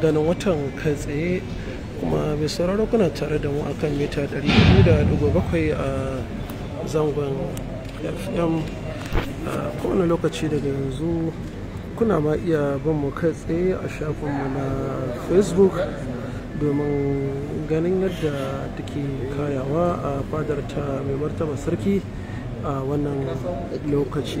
ganin watan kai tsaye kuma bai sauraro kuna tare da mu akan mita bakwai a zangon fm a kowane lokaci daga yanzu kuna ma iya bin mu kai tsaye a shafinmu na facebook domin ganin yadda take kayawa a fadar ta mai martaba sarki a wannan lokaci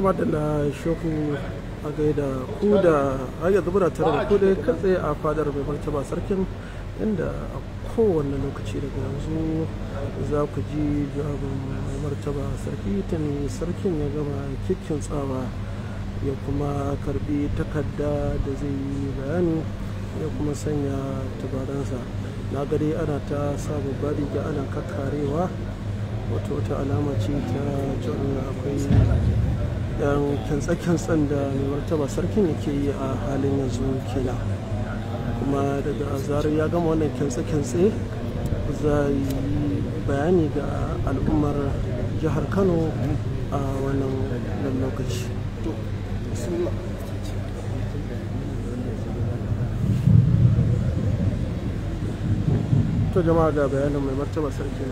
da na shoku a gaida ku da har yanzu tare da ku da kan tsaye a fadar mai martaba sarkin inda a kowane lokaci daga yanzu za ku ji jawabin mai martaba sarki tun sarkin ya gama kikin tsawa ya kuma karbi takarda da zai yi bayani ya kuma sanya tubaransa na gari ana ta sa babbar ga ana kakarewa wata wata alama ce ta jirgin akwai dan kantsa-kantsan da mai martaba sarkin yake yi a halin yanzu kenan kuma daga zarar ya gama wannan kantsa-kantse za yi bayani ga al'ummar jihar kano a wannan lokaci to jama'a ga bayanin mai martaba sarki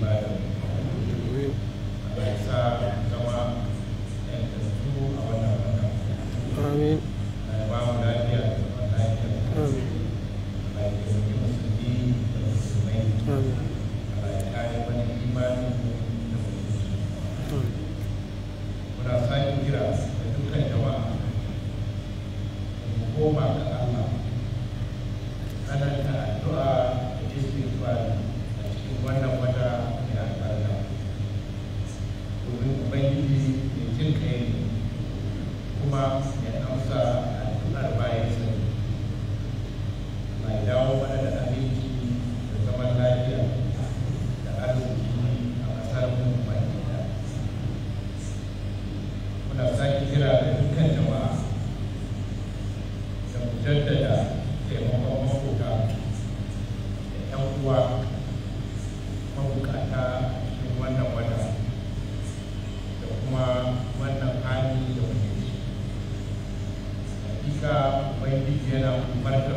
zama amin amin amin y que era un maestro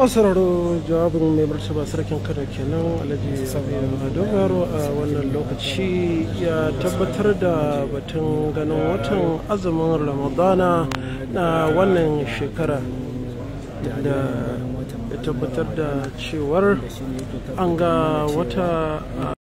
masararo jawabin mai martaba sarkin kada kenan alhaji abiyan dogaro a wannan lokaci ya tabbatar da batun ganin watan azumin ramadana na wannan shekara da ya tabbatar da cewar an ga wata